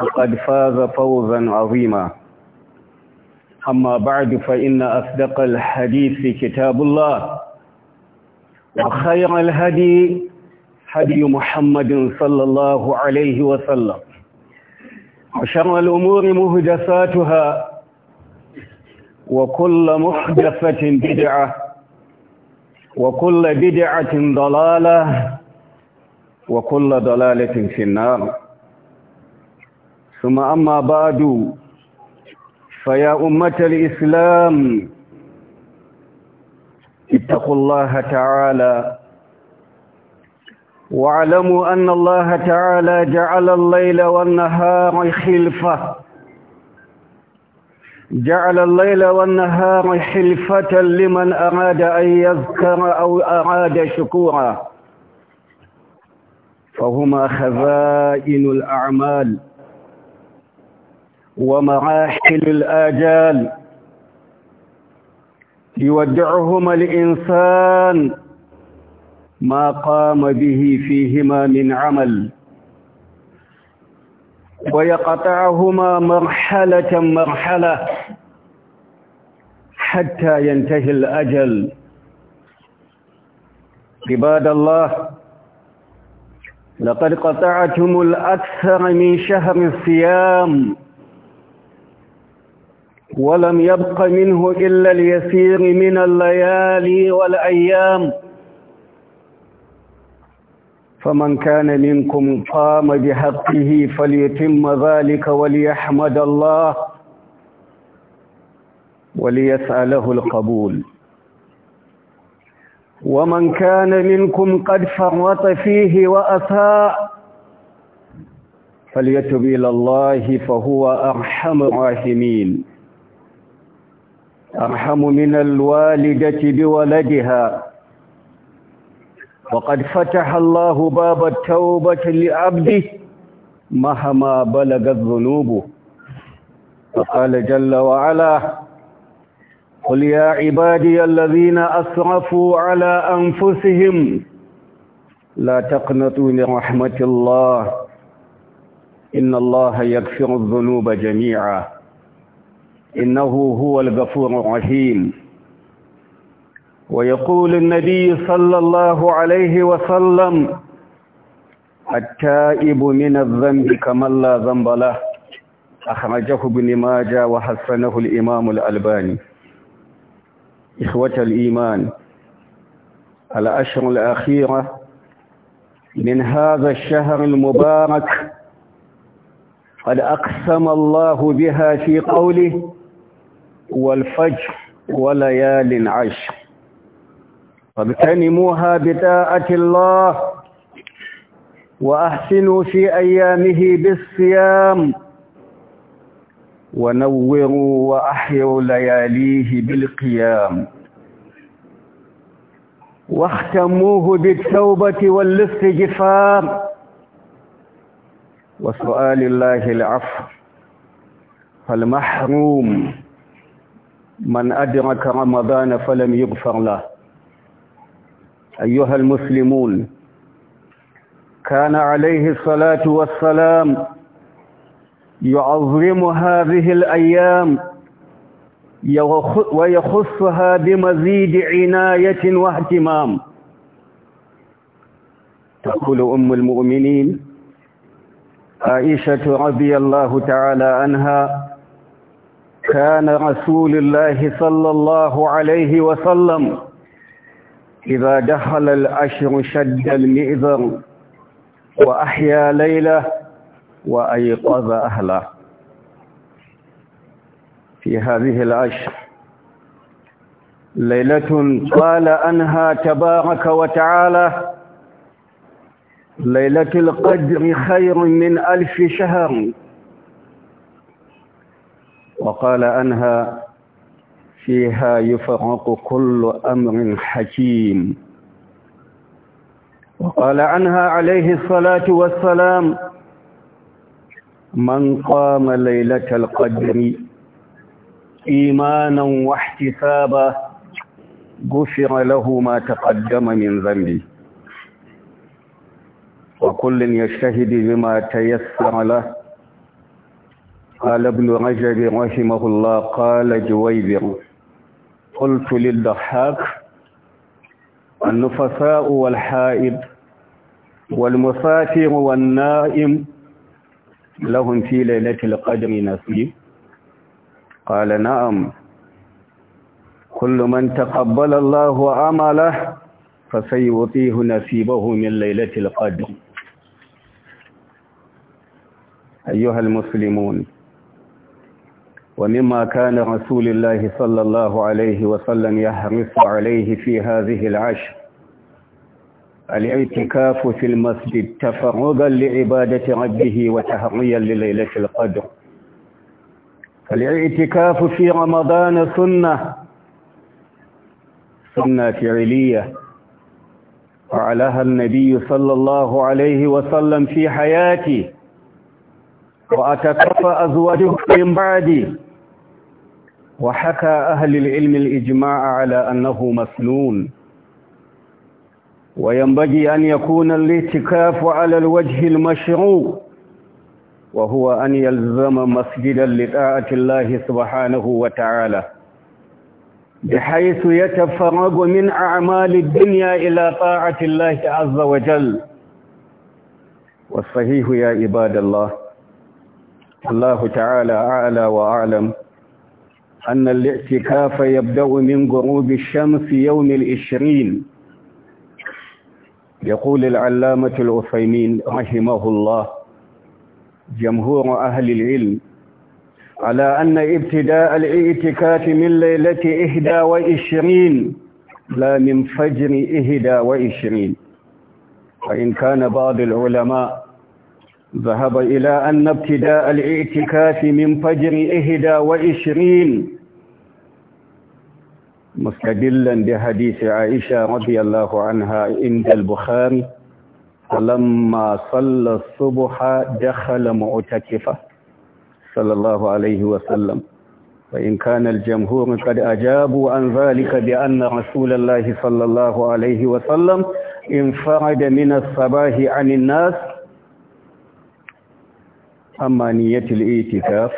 فقد فاز فوزا عظيما أما بعد فإن أصدق الحديث كتاب الله وخير الهدي هدي محمد صلى الله عليه وسلم وشر الأمور مهدساتها وكل محدثة بدعة وكل بدعة ضلالة وكل ضلالة في النار ثم أما بعد فيا أمة الإسلام اتقوا الله تعالى واعلموا أن الله تعالى جعل الليل والنهار خلفة جعل الليل والنهار حلفة لمن أراد أن يذكر أو أراد شكورا فهما خزائن الأعمال ومراحل الآجال يودعهما الإنسان ما قام به فيهما من عمل ويقطعهما مرحلة مرحلة حتى ينتهي الأجل عباد الله لقد قطعتم الأكثر من شهر الصيام ولم يبق منه إلا اليسير من الليالي والأيام فمن كان منكم قام بحقه فليتم ذلك وليحمد الله وليسأله القبول ومن كان منكم قد فرط فيه وأساء فليتب إلى الله فهو أرحم الراحمين أرحم من الوالدة بولدها وقد فتح الله باب التوبة لعبده مهما بلغ الذنوب فقال جل وعلا قل يا عبادي الذين أسرفوا على أنفسهم لا تقنطوا لرحمة الله إن الله يغفر الذنوب جميعا إنه هو الغفور الرحيم ويقول النبي صلى الله عليه وسلم التائب من الذنب كمن لا ذنب له أخرجه ابن ماجه وحسنه الإمام الألباني إخوة الإيمان الأشهر الأخيرة من هذا الشهر المبارك قد أقسم الله بها في قوله والفجر وليال عشر فاغتنموها بتاءة الله وأحسنوا في أيامه بالصيام ونوروا وأحيوا لياليه بالقيام واختموه بالتوبة والاستغفار وسؤال الله العفو فالمحروم من أدرك رمضان فلم يغفر له أيها المسلمون كان عليه الصلاة والسلام يعظم هذه الأيام ويخصها بمزيد عناية واهتمام تقول أم المؤمنين عائشة رضي الله تعالى عنها كان رسول الله صلى الله عليه وسلم إذا دخل العشر شد المئذر وأحيا ليلة وأيقظ أهله في هذه العشر ليلة قال أنها تبارك وتعالى ليلة القدر خير من ألف شهر وقال أنها فيها يفرق كل أمر حكيم وقال عنها عليه الصلاة والسلام من قام ليلة القدر إيمانا واحتسابا غفر له ما تقدم من ذنبه وكل يجتهد بما تيسر له قال ابن رجب رحمه الله قال جويبر قلت للضحاك النفساء والحائض والمسافر والنائم لهم في ليلة القدر نصيب قال نعم كل من تقبل الله عمله فسيعطيه نصيبه من ليلة القدر أيها المسلمون ومما كان رسول الله صلى الله عليه وسلم يحرص عليه في هذه العشر الاعتكاف في المسجد تفرغا لعبادة ربه وتهريا لليلة القدر الاعتكاف في رمضان سنة سنة فعلية فعلها النبي صلى الله عليه وسلم في حياتي وأتكف أزواجه من بعدي وحكى أهل العلم الإجماع على أنه مسنون وينبغي أن يكون الاعتكاف على الوجه المشروع وهو أن يلزم مسجدا لطاعة الله سبحانه وتعالى بحيث يتفرغ من أعمال الدنيا إلى طاعة الله عز وجل والصحيح يا عباد الله الله تعالى أعلى وأعلم أن الاعتكاف يبدأ من غروب الشمس يوم العشرين يقول العلامة العثيمين رحمه الله جمهور أهل العلم على أن ابتداء الاعتكاف من ليلة إهدى وإشرين لا من فجر إهدى وإشرين فإن كان بعض العلماء ذهب إلى أن ابتداء الاعتكاف من فجر إهدى وإشرين مستدلا بحديث عائشة رضي الله عنها عند البخاري فلما صلى الصبح دخل معتكفة صلى الله عليه وسلم فإن كان الجمهور قد أجابوا عن ذلك بأن رسول الله صلى الله عليه وسلم انفرد من الصباح عن الناس أما نية الإيتكاف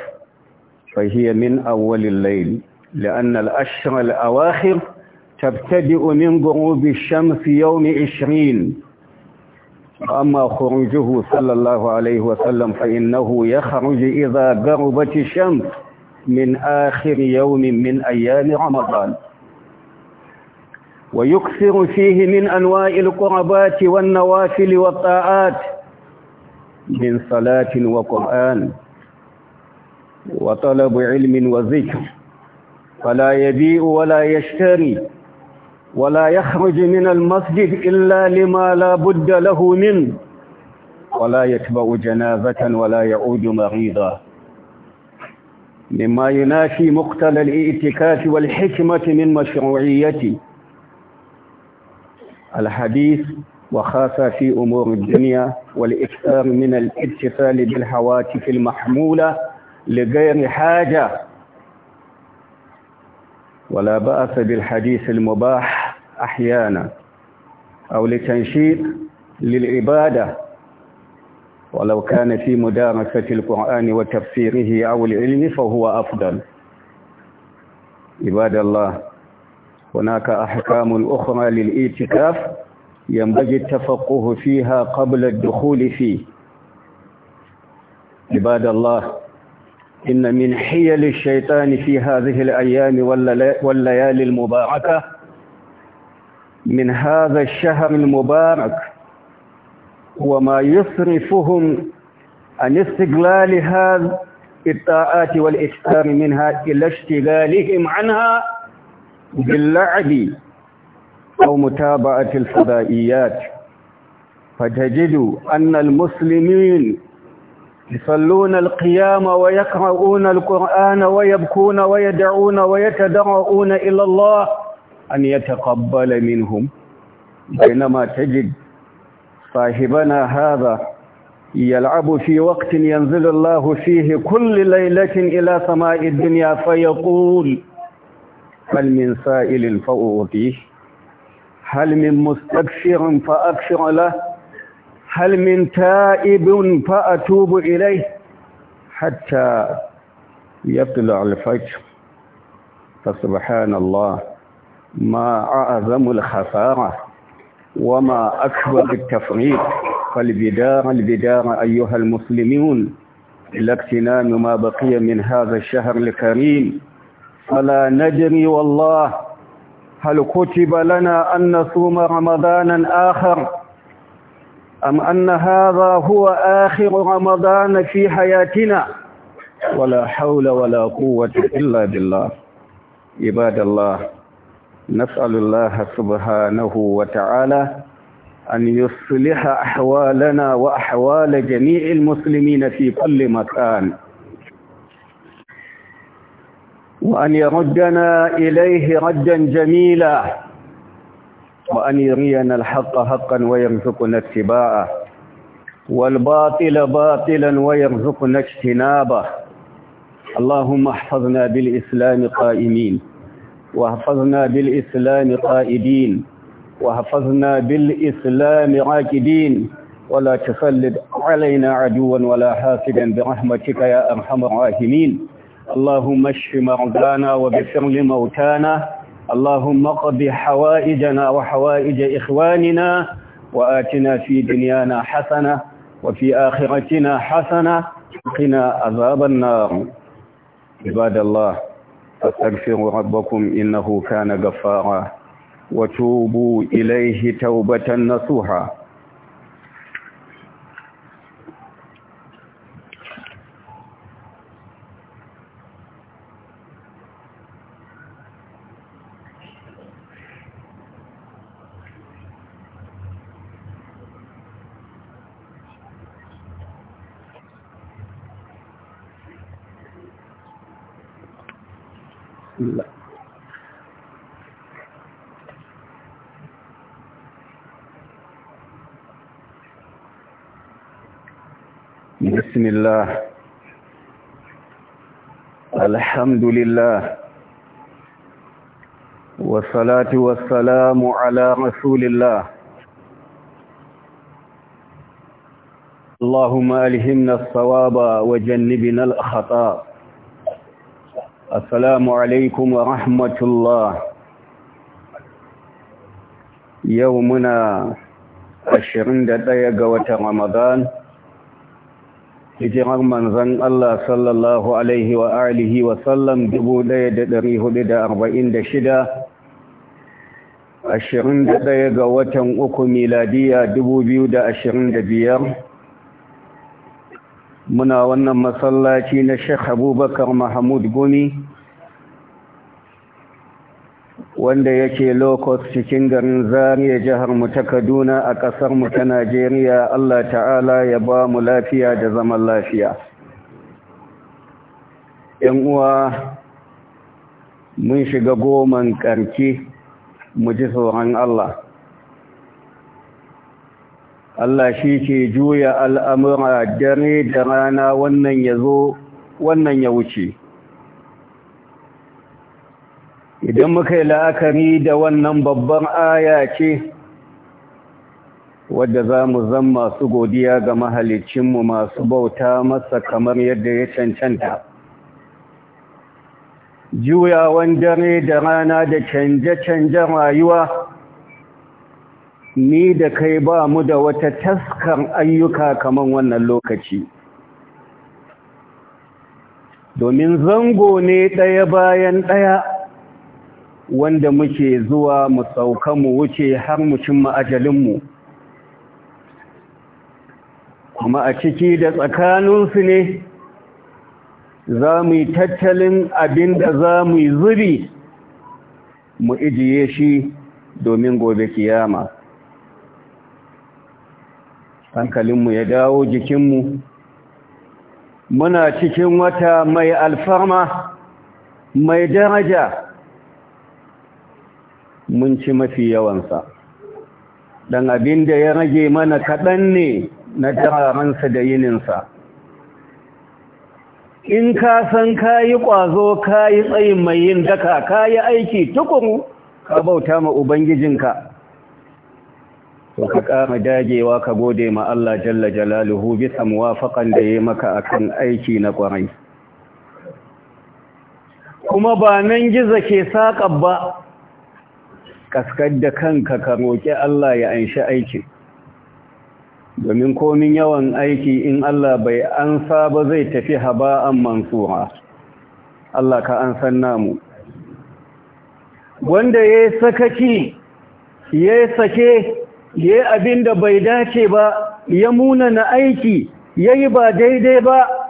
فهي من أول الليل لأن الأشهر الأواخر تبتدئ من غروب الشمس يوم عشرين أما خروجه صلى الله عليه وسلم فإنه يخرج إذا غربت الشمس من آخر يوم من أيام رمضان ويكثر فيه من أنواع القربات والنوافل والطاعات من صلاة وقرآن وطلب علم وذكر فلا يبيء ولا يشتري ولا يخرج من المسجد إلا لما لا بد له منه ولا يتبع جنازة ولا يعود مريضا مما ينافي مقتل الاعتكاف والحكمة من مشروعيته الحديث وخاف في أمور الدنيا والإكثار من الاتصال بالهواتف المحمولة لغير حاجة ولا بأس بالحديث المباح أحيانا أو لتنشيط للعبادة ولو كان في مدارسة القرآن وتفسيره أو العلم فهو أفضل عباد الله هناك أحكام أخرى للإيتكاف ينبغي التفقه فيها قبل الدخول فيه عباد الله إن من حيل الشيطان في هذه الأيام والليالي المباركة من هذا الشهر المبارك هو ما يصرفهم عن استقلال هذا الطاعات والإكثار منها إلى اشتغالهم عنها باللعب أو متابعة الفضائيات فتجد أن المسلمين يصلون القيام ويقرؤون القرآن ويبكون ويدعون ويتدرؤون إلى الله أن يتقبل منهم بينما تجد صاحبنا هذا يلعب في وقت ينزل الله فيه كل ليلة إلى سماء الدنيا فيقول هل من سائل فأعطيه هل من مستكشر فأكشر له هل من تائب فأتوب إليه حتى يطلع الفجر فسبحان الله ما أعظم الخسارة وما أكبر التفريط فالبدار البدار أيها المسلمون إلى اغتنام ما بقي من هذا الشهر الكريم فلا ندري والله هل كتب لنا أن نصوم رمضانا آخر أم أن هذا هو آخر رمضان في حياتنا ولا حول ولا قوة إلا بالله عباد الله نسأل الله سبحانه وتعالى أن يصلح أحوالنا وأحوال جميع المسلمين في كل مكان وأن يردنا إليه ردا جميلا وأن يرينا الحق حقا ويرزقنا اتباعه والباطل باطلا ويرزقنا اجتنابه اللهم احفظنا بالإسلام قائمين واحفظنا بالإسلام قائدين واحفظنا بالإسلام راكدين ولا تسلد علينا عدوا ولا حاسدا برحمتك يا أرحم الراحمين اللهم اشف مرضانا وبشر لموتانا اللهم اقض حوائجنا وحوائج إخواننا وآتنا في دنيانا حسنة وفي آخرتنا حسنة قنا عذاب النار عباد الله فاستغفروا ربكم إنه كان غفارا وتوبوا إليه توبة نصوحا الله الحمد لله والصلاة والسلام على رسول الله اللهم ألهمنا الصواب وجنبنا الخطأ السلام عليكم ورحمة الله يومنا عشرين دقيقة رمضان hijirar manzan Allah sallallahu Alaihi wa alihi wa sallam 1446 21 ga watan uku miladiya 2025 muna wannan masallaci na Sheikh Abubakar Mahmud Gumi wanda yake lokos cikin garin Zaria jihar mu ta kaduna a ƙasar mu ta najeriya allah ta'ala ya ba mu lafiya da zaman lafiya yan uwa mun shiga goman ƙarki mu ji tsoron allah Allah shi ke juya al'amura dare da rana wannan ya zo wannan ya wuce idan muka yi la'akari da wannan babban aya ce wadda za mu zan masu godiya ga mahalicinmu masu bauta masa kamar yadda ya cancanta juyawan dare da rana da canje-canjen rayuwa ni da kai ba mu da wata taskar ayyuka kamar wannan lokaci domin zango ne ɗaya bayan ɗaya wanda muke zuwa mu sauka mu wuce har mu cimma ajalinmu kuma a ciki da tsakaninsu ne za mu yi tattalin abin da za mu yi zubi mu ijiye shi domin gobe kiyama hankalinmu ya dawo jikinmu muna cikin wata mai alfarma mai daraja mun ci mafi yawansa dan abin da ya rage mana kaɗan ne na tararansa da yininsa in ka san ka yi ƙwazo ka yi tsayin mai yin daka ka yi aiki tuƙuru ka bauta ma ubangijinka ka ka ƙara dagewa ka gode ma Allah jalla jalaluhu bisa muwafaƙan da ya maka akan aiki na ƙwarai kuma ba nan gizo ke saƙa ba kaskar da kanka ka roƙi Allah ya anshi aiki domin komin yawan aiki in Allah bai ansa ba zai tafi haba'an mansuha Allah ka an san namu wanda ya sakaki ya sake ya abin da bai dace ba ya munana aiki ya yi ba daidai ba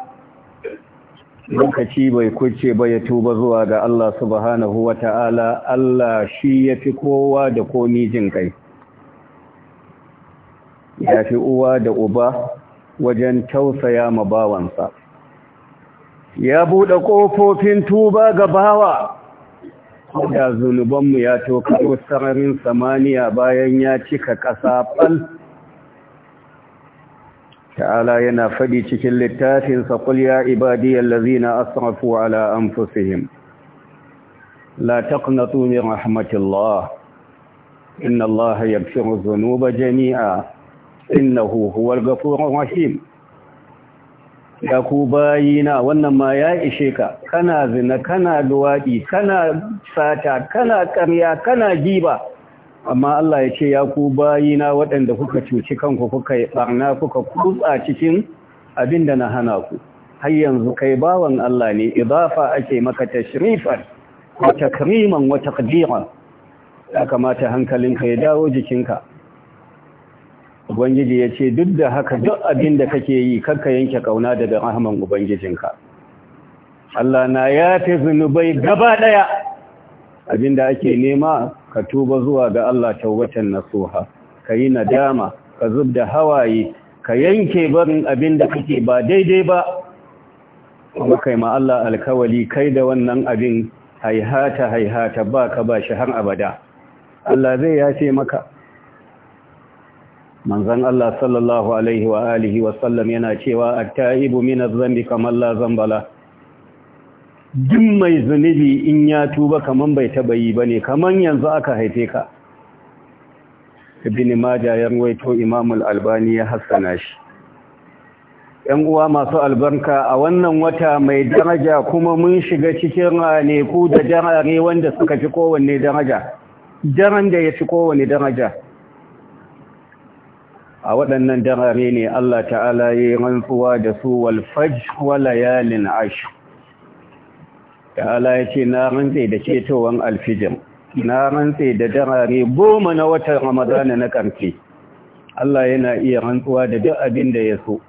lokaci bai kuce ba ya tuba zuwa ga Allah subhanahu wa ta'ala Allah shi ya fi kowa da komi jin kai ya fi uwa da uba wajen tausaya ma bawansa ya buɗe ƙofofin tuba ga bawa ya zunubanmu ya toka sararin samaniya bayan ya cika ƙasa ɓal ta'ala yana faɗi cikin littafin sa qul ya ibadiyal ladzina asrafu ala anfusihim la taqnatu min rahmatillah inna allaha yaghfiru dhunuba jami'a inna huwal ghafurur rahim ya ku na wannan ma ya ishe ka kana zina kana duwaɗi kana sata kana ƙarya kana giba amma Allah ya ce ya ku bayina waɗanda kuka cuci kanku kuka yi ɓarna kuka kutsa cikin abin da na hana ku har yanzu kai bawan Allah ne idafa ake maka tashrifan wa takriman wa taqdiran ya kamata hankalinka ya dawo jikinka Ubangiji ya ce duk da haka duk abin da kake yi karka yanke kauna daga rahman Ubangijinka Allah na yafe zunubai gaba ɗaya abin da ake nema ka tuba zuwa ga Allah tawbatan nasuha ka yi nadama ka zub da hawaye ka yanke barin abin da kake ba daidai ba kuma kai ma Allah alkawali kai da wannan abin haihata haihata ba ka ba shi har abada Allah zai yace maka manzon Allah sallallahu alaihi wa alihi wa yana cewa at-taibu min adh-dhanbi la dhanba duk mai zunubi in ya tuba kaman bai taba yi bane kaman yanzu aka haife ka ibni majah ya imam al-albani ya hassana shi yan uwa masu albarka a wannan wata mai daraja kuma mun shiga cikin raneku da jarare wanda suka fi kowanne daraja jaran da ya fi kowanne daraja a waɗannan darare ne Allah ta'ala ya yi rantsuwa da su walfaj fajr wa layalin Allah ya ce na rantse da cetowan alfijin. na rantse da darare goma na watan ramadana na karfe Allah yana iya rantsuwa da duk abin da ya so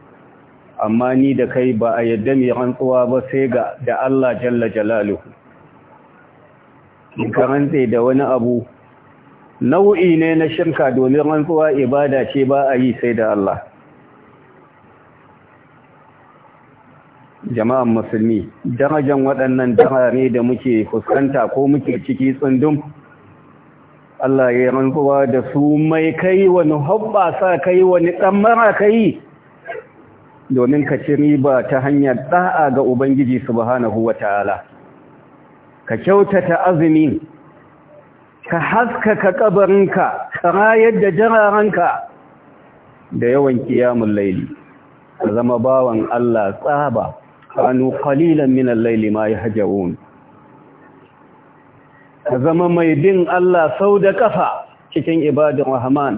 amma ni da kai ba a yadda mai rantsuwa ba sai ga da Allah jalla jalaluhu ka rantse da wani abu nau'i ne na shirka domin rantsuwa ibada ce ba a yi sai da Allah jama'an musulmi darajan waɗannan ne da muke fuskanta ko muke ciki tsundum Allah ya rantsuwa da su mai kai wani hoɓɓasa kai wani ɗammara kai domin ka ci riba ta hanyar ɗa'a ga Ubangiji subhanahu wa ta'ala ka kyautata azumi ka haskaka kabarinka ka rayar da jararanka da yawan kiyamun laili zama bawan Allah tsaba kanu qalilan min al-layli ma yahjaun zama mai bin Allah sau da kafa cikin ibadin rahman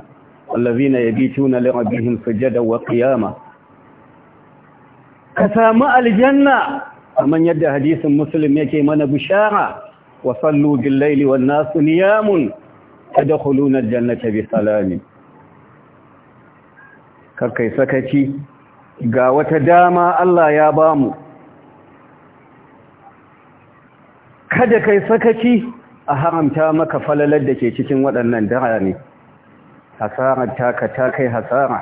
allazina yabituna li rabbihim sujada wa qiyama ka samu aljanna kamar yadda hadisin muslim yake mana bishara wa sallu bil laili wan nasu niyamun tadkhuluna jannata bi salami karkai sakaci ga wata dama Allah ya bamu kada kai sakaci a haramta maka falalar da ke cikin waɗannan dara ne hasarar taka ta kai hasara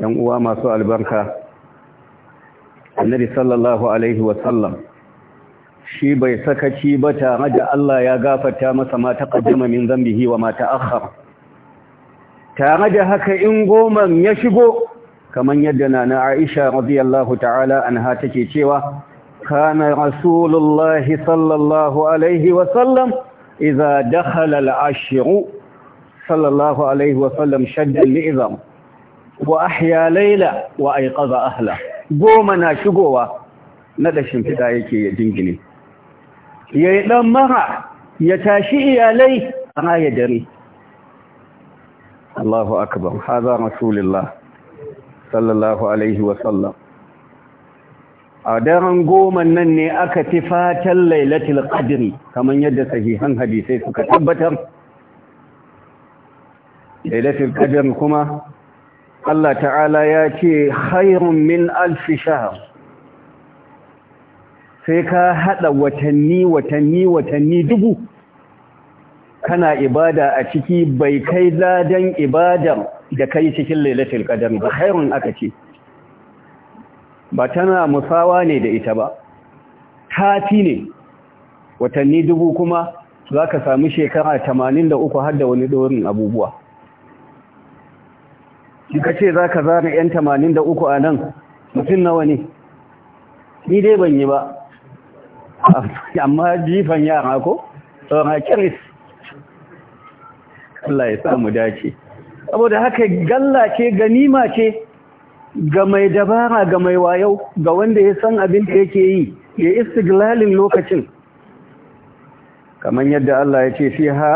yan uwa masu albarka annabi sallallahu alaihi wasallam shi bai sakaci ba tare da Allah ya gafarta masa ma kaddama min zambihi wa ma ta'akhkhara tare da haka in goman ya shigo kamar yadda nana Aisha radiyallahu ta'ala anha take cewa كان رسول الله صلى الله عليه وسلم إذا دخل العشر صلى الله عليه وسلم شد لإذم وأحيا ليلة وأيقظ أهله goma na shigowa na da shimfiɗa yake ya jingine ya yi ɗan mara ya tashi iyalai a raya dare Allahu akbar haza sallallahu alaihi a daren goma nan ne aka fi fatan lailatul qadri kamar yadda sahihan hadisai suka tabbatar lailatul qadri kuma Allah ta'ala ya ce khairun min alf shahr sai ka hada watanni watanni watanni dubu kana ibada a ciki bai kai ladan ibadar da kai cikin lailatul qadri ba khairun aka ce ba tana musawa ne da ita ba tafi ne watanni dubu kuma za ka sami shekara tamanin da uku har da wani dorin abubuwa ka ce za ka zana 'yan tamanin da uku a nan mutum nawa ne ni dai ban yi ba amma jifan yara ko tsoron kiris Allah ya samu dace saboda haka gallace ganima ce ga mai dabara ga mai wayau ga wanda ya san abin da yake yi ya istiglalin lokacin kamar yadda Allah ya ce fi ha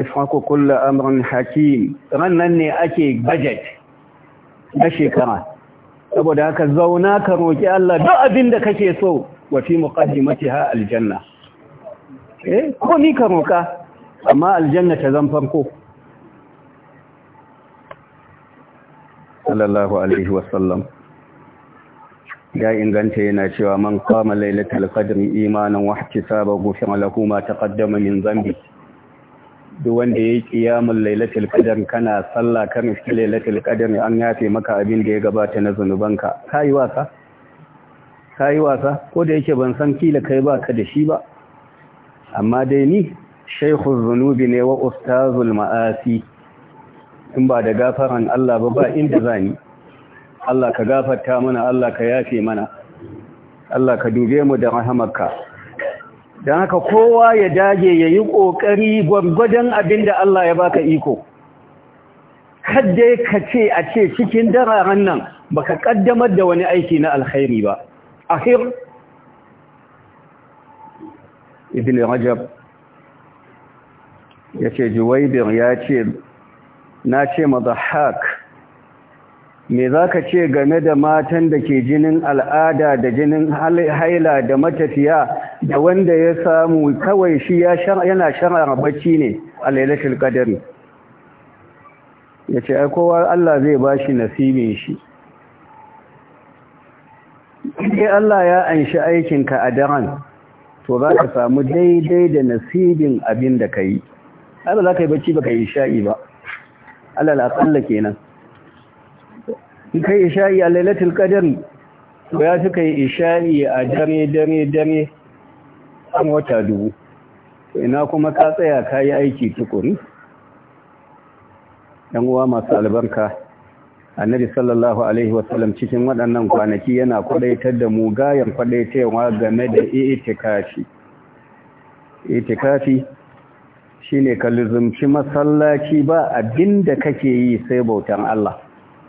ishaku kullu amrin hakim rannan ne ake budget na shekara saboda haka zauna ka roki Allah duk abin da kake so wa fi muqaddimatiha aljanna eh ko ni ka roka amma aljanna ta zan farko sallallahu alaihi wasallam ya inganta yana cewa man kama lailatul qadri imanan wa ihtisaba ghufira lahu ma taqaddama min zambi. duk wanda yayi qiyamul lailatul qadri kana sallah kan iski lailatul an yafe maka abin da ya gabata na zanubanka kai wasa kai wasa ko da yake ban san kila kai baka da shi ba amma dai ni shaykhu Zunubi ne wa ustazul ma'asi in ba da gafaran Allah ba ba inda za ni. Allah ka gafarta mana Allah ka yafe mana Allah ka dube mu da rahamarka dan haka kowa ya dage ya yayi kokari gwargwadon abinda Allah ya baka iko kadda ka ce a ce cikin dararen nan baka ƙaddamar da wani aiki na alkhairi ba akhir ibn rajab yace juwaybir ya ce na ce mazahak me za ka ce game da matan da ke jinin al'ada da jinin haila da matafiya da wanda ya samu kawai shi yana shara bacci ne a lailashin kadari? ya ce kowa Allah zai ba shi nasibin shi sai Allah ya anshi aikinka a daren to za ka samu daidai da nasibin abin da ka yi ba za ka yi bacci ba ka yi sha'i ba alal aqalla kenan in kai isha'i a lailatul qadari to ya suka yi isha'i a dare dare dare an wata dubu ina kuma ka tsaya ka aiki tukuri dan uwa masu albarka annabi sallallahu alaihi wasallam cikin waɗannan kwanaki yana kwadaitar da mu yan kwadaitewa game da itikafi itikafi Shi ne ka lizumci masallaci ba abinda kake yi sai bautan Allah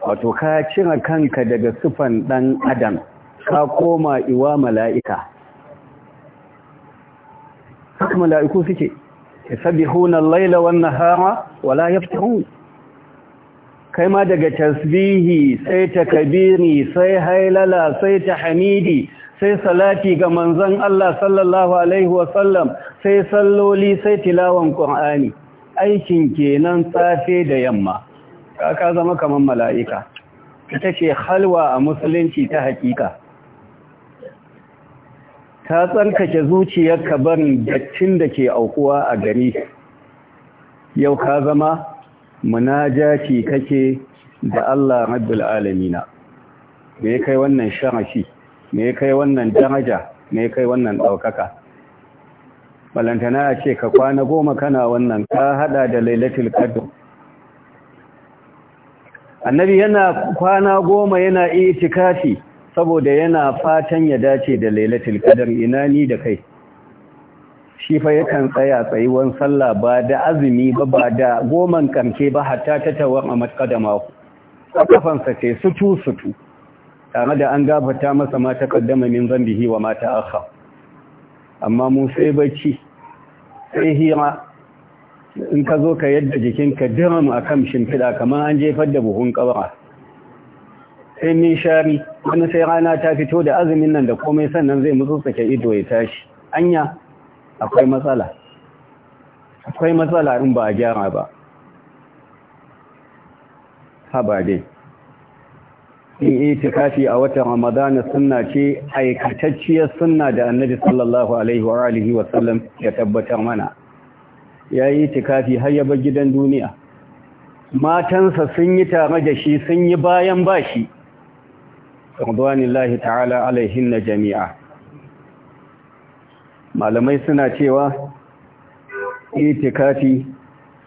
wato ka cire kanka daga sifan ɗan adam ka koma iwa mala'ika haka mala'iku suke wannan wala ya والنهار ولا Kai ma daga tasbihi sai ta kabiri sai hailala sai ta hamidi. sai salati ga manzon Allah sallallahu alaihi wasallam sai salloli sai tilawan Qur'ani aikin kenan safe da yamma ka zama kaman mala'ika ita ce halwa a musulunci ta hakika ta tsarkake ka barin dattin da ke aukuwa a gari yau ka zama munajaci kake da Allah rabbul alamin me kai wannan sharafi me kai wannan daraja me kai wannan ɗaukaka balantana ya ce ka kwana goma kana wannan ka hada da lailatul qadr annabi yana kwana goma yana itikafi saboda yana fatan ya dace da lailatul qadr ina ni da kai shi fa yakan tsaya tsayuwan sallah ba da azumi ba ba da goman kanke ba hatta ta tawar a ku kafansa ce sutu sutu tare da an gafata masa ma kaddama min zambihi wa ma ta'akhkhar amma mu sai bacci sai hira in ka zo ka yadda jikinka diram a kan shimfiɗa kamar an jefar da buhun ƙabara sai min shari wani sai rana ta fito da azumin nan da komai sannan zai mutsutsuke ido ya tashi anya akwai matsala akwai matsala in ba a gyara ba ha dai yin itikafi a watan ramadana sunna ce aikatacciyar sunna da annabi sallallahu alaihi wa alihi wa sallam ya tabbatar mana ya yi itikafi har ya bar gidan duniya matansa sun yi tare da shi sun yi bayan bashi radwanillahi ta'ala alaihin na jami'a malamai suna cewa itikafi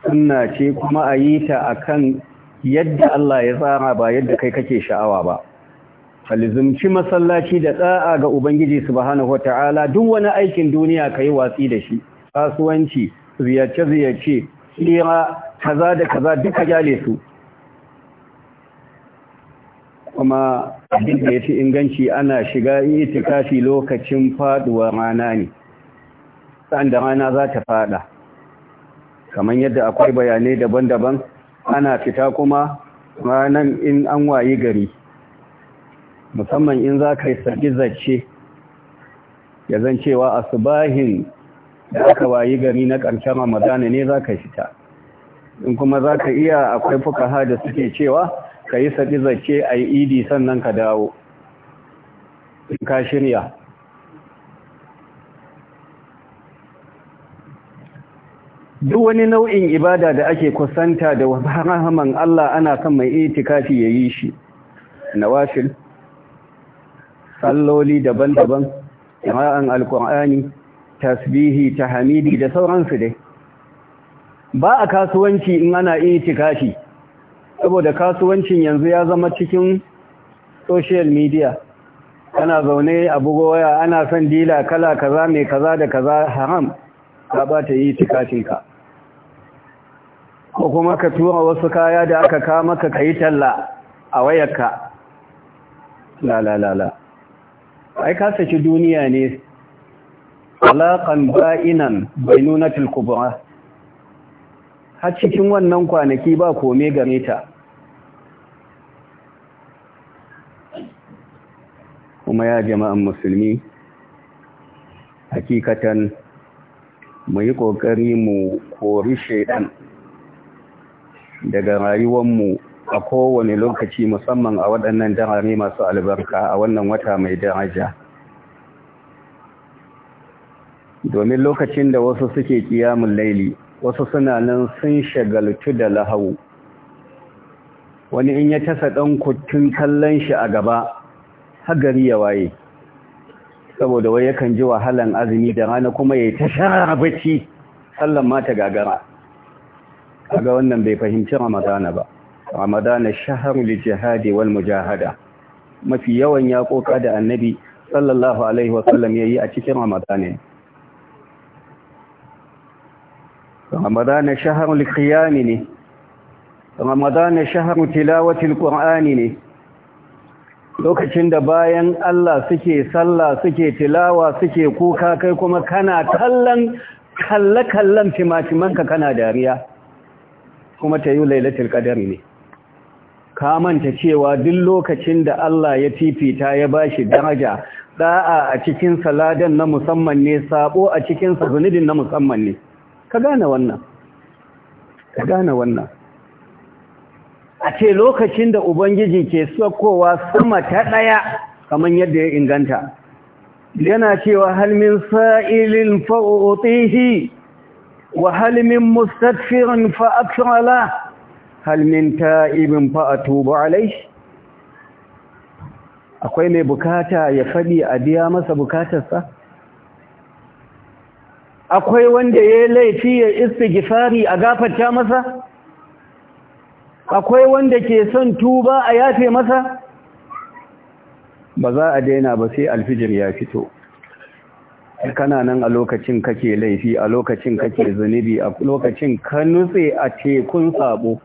sunna ce kuma a yi ta akan yadda Allah ya tsara ba yadda kai kake sha'awa ba falizumci masallaci da tsaa ga ubangiji subhanahu wataala duk wani aikin duniya kai watsi da shi kasuwanci ziyarce ziyarce tsira kaza da kaza duka jale su kuma abin da yafi inganci ana shiga itikafi lokacin faduwa rana ne sa'an rana za ta fada kamar yadda akwai bayanai daban-daban ana fita kuma ranar in an wayi gari musamman in za ka yi zace ya zan cewa a asubahin da aka wayi gari na ƙarshen ramadana ne za ka fita in kuma za ka iya akwai fuka da suke cewa ka yi zace a yi idi sannan ka dawo in ka shirya duk wani nau'in ibada da ake kusanta da rahaman Allah ana kan mai itikafi yayi shi nawafil salloli daban-daban qira'an alqur'ani tasbihi tahmidi da sauransu dai ba a kasuwanci in ana itikafi saboda kasuwancin yanzu ya zama cikin social media ana zaune a waya ana son dila kala kaza mai kaza da kaza haram ka ba ta yi tikafinka ko kuma ka tura wasu kaya da aka kama ka yi talla a wayarka la la la ai ka saki duniya ne alaqan ba'inan bainunatil kubra har cikin wannan kwanaki ba kome gare ta kuma ya jama'an musulmi hakikatan mu yi ƙoƙari mu kori shaidan daga rayuwar mu a kowane lokaci musamman a waɗannan darare masu albarka a wannan wata mai daraja domin lokacin da wasu suke kiyamun laili wasu suna nan sun shagaltu da lahau wani in ya tasa ɗan kutun kallon shi a gaba hagari ya waye saboda wai yakan ji wahalan azumi da rana kuma ya ta shara bacci sallan mata gagara kaga wannan bai fahimci ramadana ba ramadana shahrul jihadi wal mujahada mafi yawan ya koka da annabi sallallahu alaihi wasallam yayi a cikin ramadana ramadana shahrul qiyam ne ramadana shahrul tilawati qur'an ne lokacin da bayan Allah suke sallah suke tilawa suke kuka kai kuma kana kallon kalle-kallon fimatimanka kana dariya kuma ta yi lailatul qadar ne ka manta cewa duk lokacin da Allah ya fifita ya bashi daraja da'a a cikin saladan na musamman ne sabo a cikin sunudin na musamman ne ka gane wannan ka gane wannan a ce lokacin da ubangiji ke sakowa sama ta daya kamar yadda ya inganta yana cewa hal min sa'ilin fa'utihi وهل من مستغفر Halmin له هل من تائب فأتوب عليه akwai mai bukata ya faɗi a biya masa akwai wanda ya laifi ya istighfari a gafarta masa akwai wanda ke son tuba a yafe masa ba za a daina ba sai alfijir ya fito kana nan a lokacin kake laifi a lokacin kake zunubi a lokacin ka nutse a tekun sabo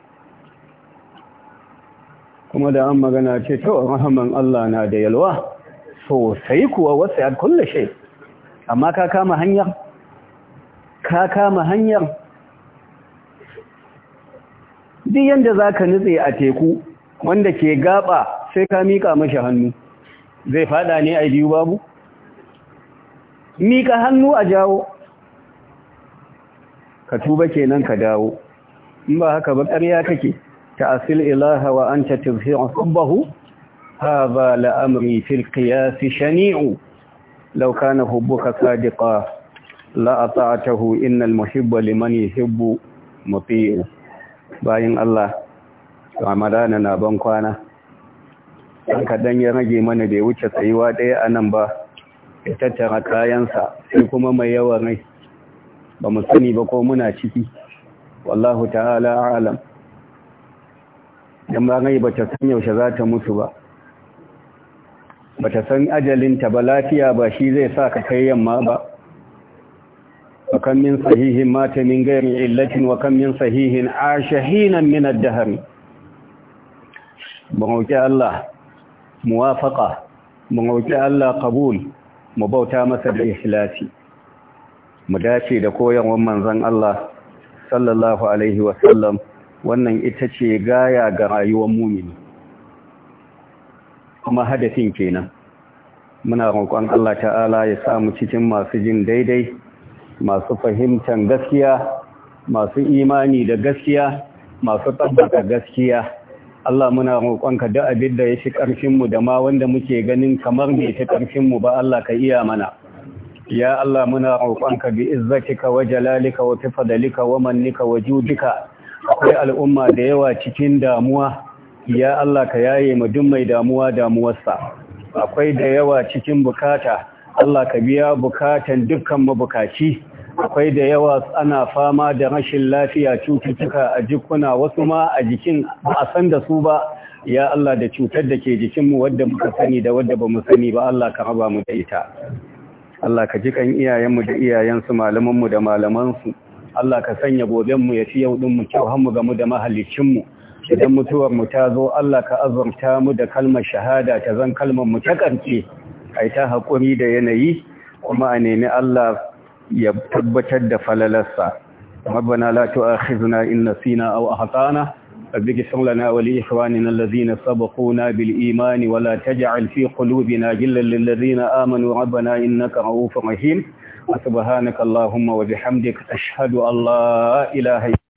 kuma da an magana ce to rahaman Allah na da yalwa sosai kuwa wasu ya kulle shi amma ka kama hanyar ka kama hanyar duk yanda za ka nutse a teku wanda ke gaba sai ka miƙa mashi hannu zai fada ne a biyu babu mika hannu a jawo ka tuba kenan ka dawo in ba haka ba ƙarya kake asil ilaha wa anta tuzhi'u hubbahu hadha la'amri fil qiyas shani'u law kana hubbuka sadiqa la ata'tahu innal muhibba liman yuhibbu muti'u bayin Allah Ramadana na ban kwana dan kadan ya rage mana bai wuce tsayuwa ɗaya anan ba ya tattara kayansa sai kuma mai yawan rai ba mu sani ba ko muna ciki wallahu ta'ala alam dan rai ba ta san yaushe za ta mutu ba ba ta san ajalinta ba lafiya ba shi zai sa ka kai yamma ba wa kan min sahihin mata min gairi illatin wa kan min sahihin shahinan min ad Ba mu roki Allah muwafaka mu roki Allah kabul mu bauta masa da ihlasi mu dace da koyarwar manzon Allah sallallahu alaihi wasallam wannan ita ce gaya ga rayuwar mumini kuma hadafin kenan muna roƙon Allah ta'ala ya samu cikin masu jin daidai masu fahimtar gaskiya masu imani da gaskiya masu tabbata gaskiya Allah muna roƙonka da abin da ya shi ƙarfinmu da ma wanda muke ganin kamar bai shi ƙarfinmu ba Allah ka iya mana. Ya Allah muna roƙonka bi izzatika wa jalalika wa fadalika wa mannika wa judika. Akwai al'umma da yawa cikin damuwa. Ya Allah ka yaye mu duk mai damuwa damuwarsa. Akwai da yawa cikin bukata. Allah ka biya bukatan dukkan mabukaci. akwai da yawa ana fama da rashin lafiya cututtuka a jikuna wasu ma a jikin ba a san da su ba ya Allah da cutar da ke jikinmu wadda muka sani da wadda ba sani ba Allah ka raba mu da ita Allah ka ji kan iyayenmu da iyayensu malamanmu da malamansu Allah ka sanya gobenmu ya ci yau ɗinmu kyau ga mu da mu idan mutuwar mu ta zo Allah ka azurta mu da kalmar shahada ta zan kalmar mu ta ƙarfe ai ta haƙuri da yanayi kuma a nemi Allah ya tabbatar da falalarsa rabbana la tu'akhizna in nasina aw akhtana abdiki sallana wa li ihwanina alladhina sabaquna bil imani wa la taj'al fi qulubina ghillan lil ladhina amanu rabbana innaka rauful rahim subhanaka allahumma wa bihamdika ashhadu an la ilaha illa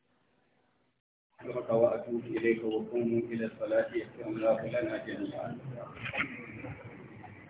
anta wa atubu ilayka wa qumu ila salati yaqum la ilaha illa anta